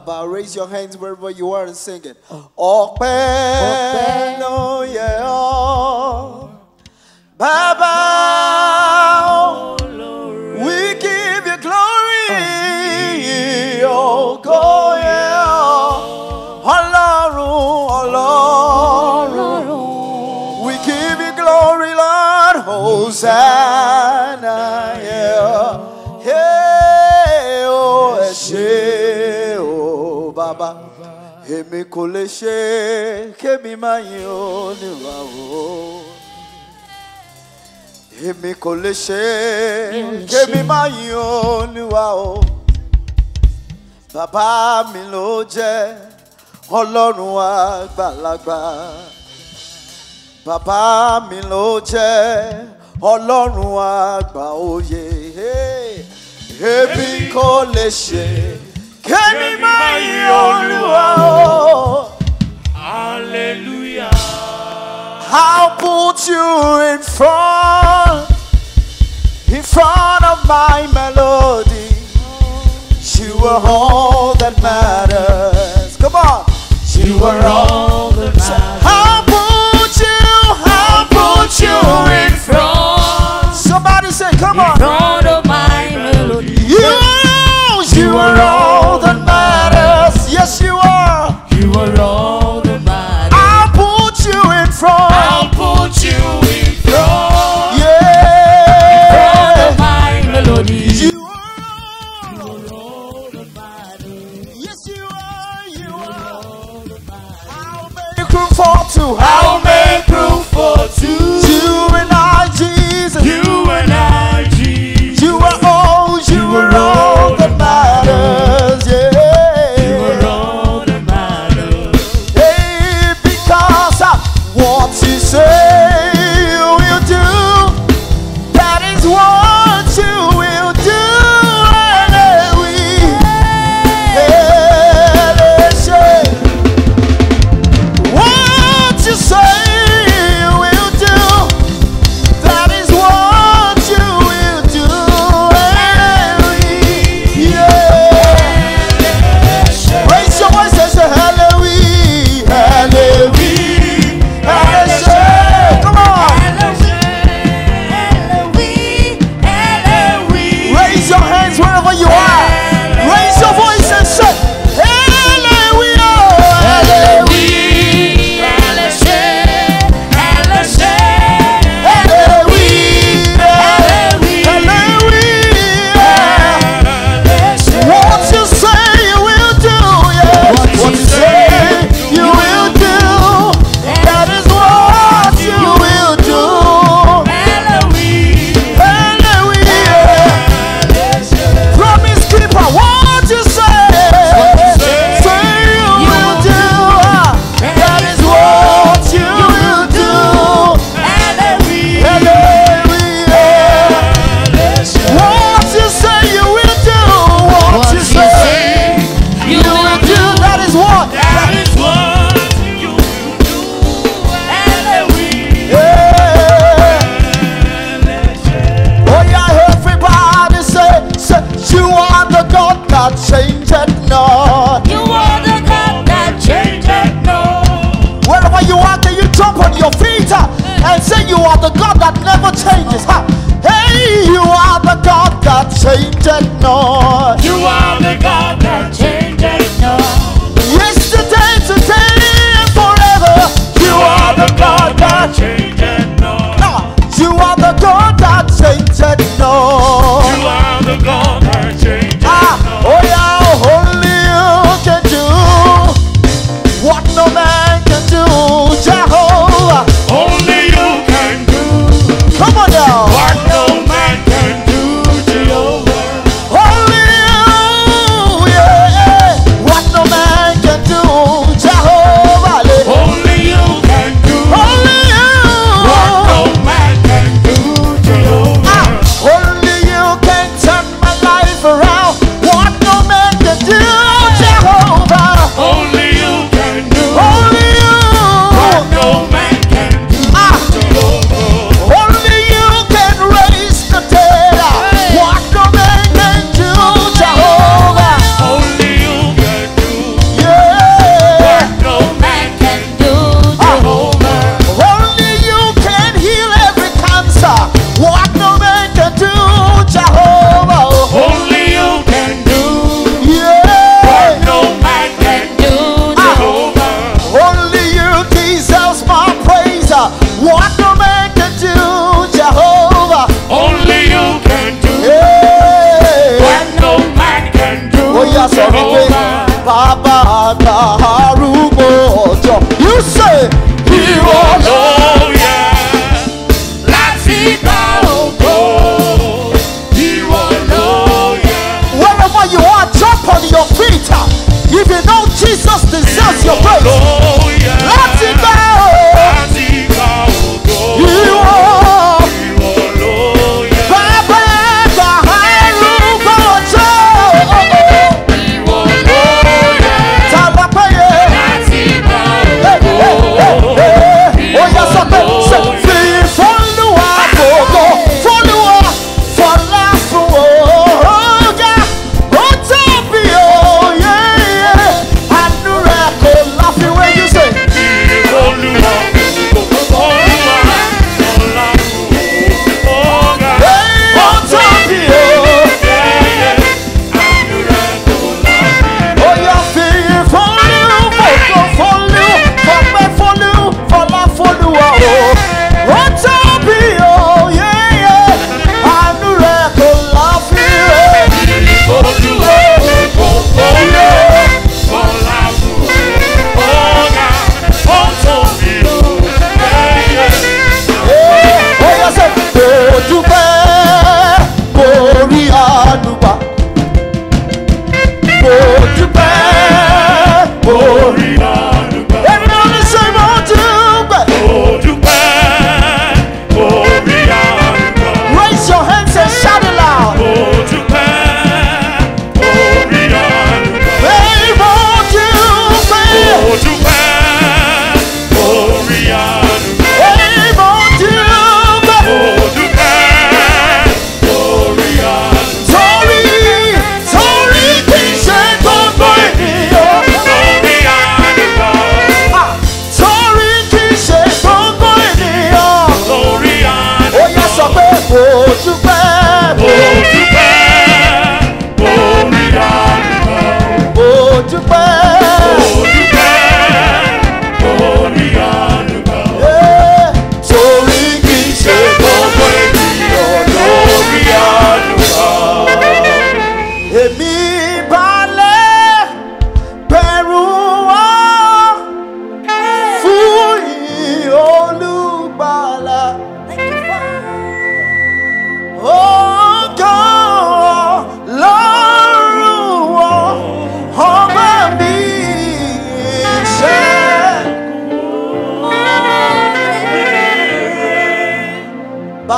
but uh, raise your hands wherever you are and sing it. Ọpẹ́ ló yẹ ọ́, bàbá. bàbá èmi kò lè ṣe kémi máa yin oníwà o èmi kò lè ṣe kémi máa yin oníwà o bàbá mi ló jẹ́ ọlọ́run àgbàlagbà bàbá mi ló jẹ́ ọlọ́run àgbà òye èmi kò lè ṣe kémi máa. Olúwa Hallelujah. I'll put you in front, in front of my melody. You are all that matters. Come on. You are all that matters. i put you, i put you in front. Somebody say, come on. that never changes.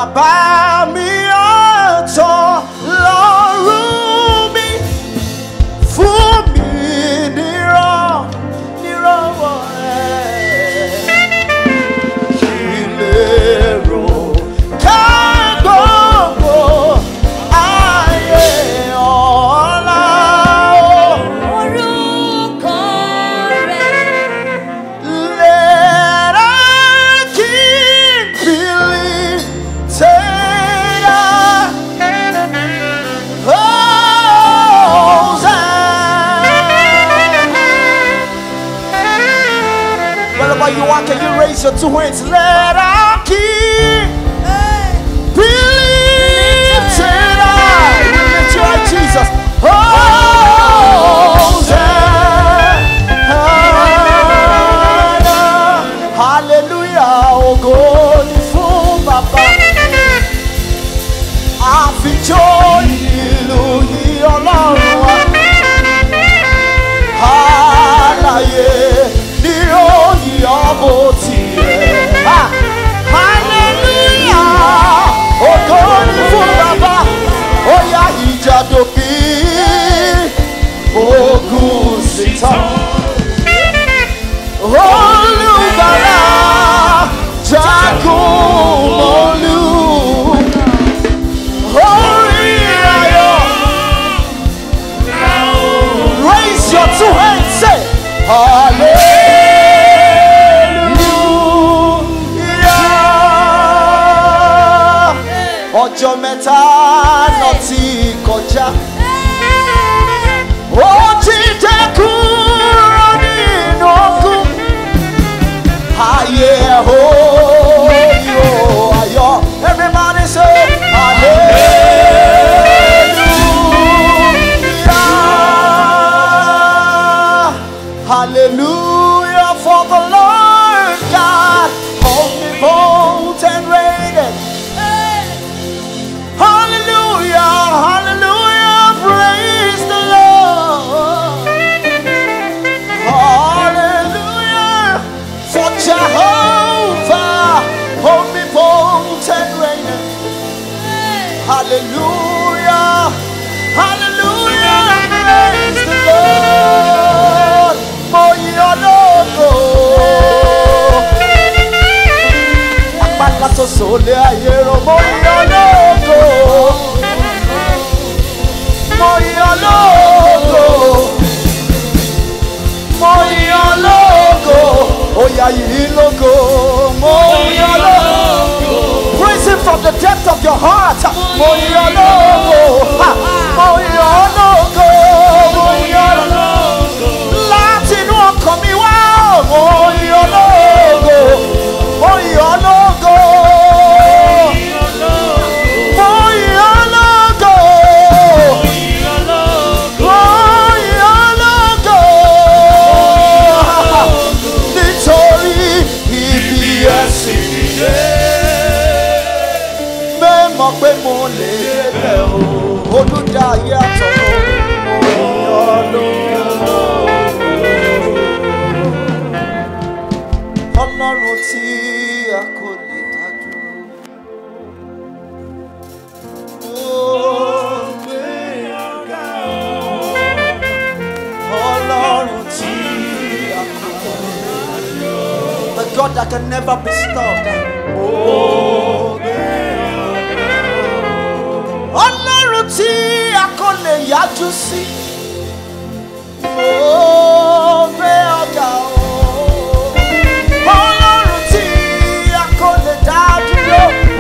Bye ọjọ́ mẹ́ta náà ti kọjá. olè ayé ro mo yọ lóòótọ́ mo yọ lóòótọ́ mo yọ lóòótọ́ oyà yìí lógo mo yọ lóòótọ́ praise him from the depth of your heart mo yọ lóòótọ́. never be stopped. Ọlọ́run tí a kò lè sí.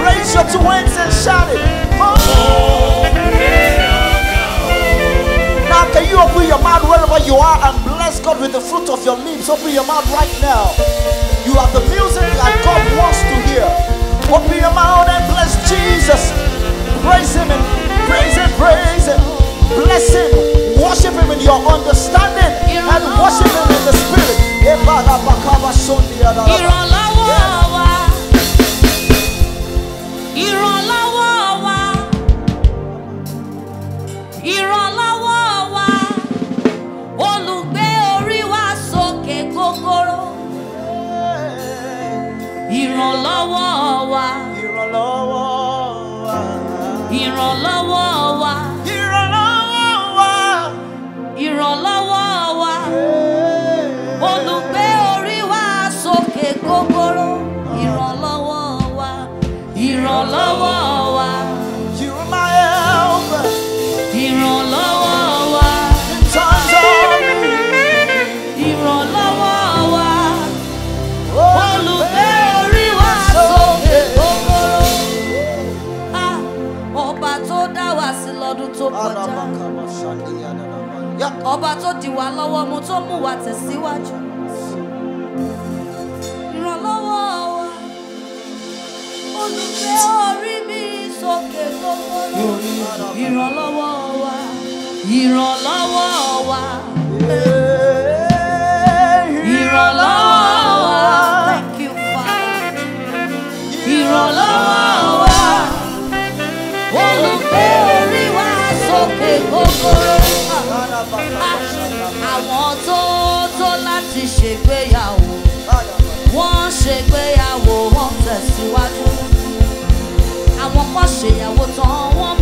Raise your two hands and shout it. Now can you open your mouth wherever you are and bless God with the fruit of your lips? Open your mouth right now you have the music that God wants to hear. Open your mouth and bless Jesus. Praise Him and praise Him, praise Him. Bless Him. Worship Him in your kọjá ọba tó dì wá lọ́wọ́ mu tó mú wa tẹ̀síwájú ìrànlọ́wọ́ wa olùfẹ́ orí mi sókè gbogbo ìrànlọ́wọ́ wa ìrànlọ́wọ́ wa ìrànlọ́wọ́ wa ìrànlọ́wọ́ 谁要我做我？